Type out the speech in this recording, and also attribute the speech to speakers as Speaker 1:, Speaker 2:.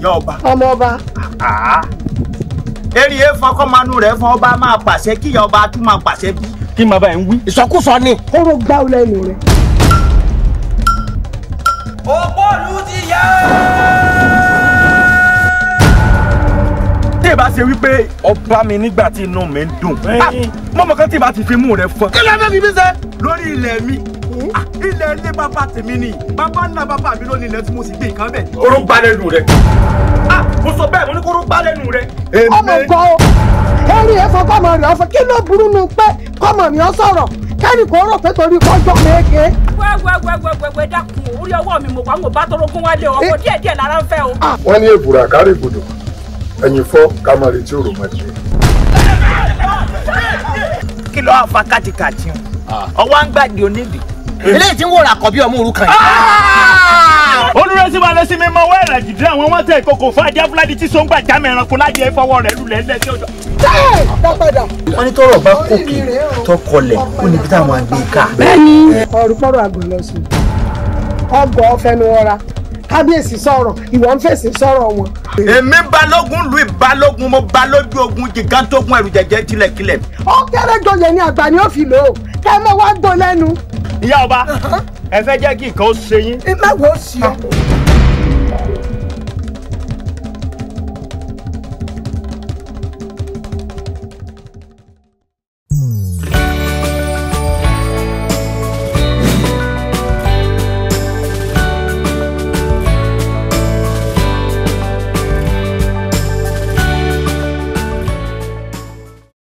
Speaker 1: ìyá ọba. ọmọ ọba. Ah. eré efan kọ́manú rẹ̀ fún ọba máa pàṣẹ kí ìyá ọba tún máa pàṣẹ bí. kí màá bá ẹ ń wí. ìsọkúsọ ni. kóró gbá ọ lẹ́nu rẹ̀. òpóòlù ti yá. tí ì bá ṣe wípé ọba mi nígbà tí inú mi ń dùn ah, mọ́mọ́ kan tí ì bá ti fi mú rẹ̀ fọ́. kí ló dé bíbí sẹ́. lórí ilẹ̀ mi hmm? ah, ilé bàbá tèmi ni bàbá ńlá bàbá mi ló nílẹ̀ tí mo sì gbé nǹkan bẹ̀. oró gbá lẹ́nu rẹ̀ ah, mo sọ bẹ́ẹ̀ mo ní kó oró gbá lẹ́nu rẹ̀. ọmọ nǹkan o kẹ́rì ẹ sọ kọ́mọ rẹ̀ ọ̀sán kí ló burú nu pé kọ́mọ rẹ̀ ọ sọ̀rọ̀ kẹ́rì kò rò pé torí kọjọ́ méje. wẹ́wẹ́wẹ́wẹ́wẹ́ dákun orí ọwọ́ mi mo wà ń bá torókún wálé ọkọ̀ eh. díẹ̀díẹ̀ lára ń fẹ́ ah. kí ló wá fa kátikáti ah. ọwọ́ ń onídìí eléyìí tí ń wòrà kọ bí ọmọ òrukàn yìí. Ah! olùrẹ́ sí wa lẹ́sìn mi mọ wẹ́ẹ̀rẹ̀ jìdí àwọn wọ́n tẹ ìkókò fún ajá fúládì tí sọ́ngbà jámẹ́ ẹranko lájẹ́ fọwọ́ rẹ̀ lulẹ̀ ńlẹ̀ tí ó jọ. tọrọ bá kókè tọkọlẹ̀ ó níbi táwọn àgbẹ̀ ká. bẹ́ẹ̀ni. ọ̀rùpọ̀rọ̀ àgọ̀ lọ sí ọgbọ̀ ọ̀fẹ́nu ọ̀ra kábíyèsí sọ̀rọ̀ ìwọ fèsì sọ̀rọ̀ wọn. èmi balógun lu ìbalógun mo bá lójú ogun jìgántógun ẹrù jẹjẹ tilẹ̀kilẹ̀. ó kéré jọyẹ ní àgbà ni ó fi lò ó kẹ́ wá gbọ́ lẹ́nu ìyá ọba ẹ fẹ́ jẹ́ kí nǹkan ó ṣe yín. má wo ó ọ.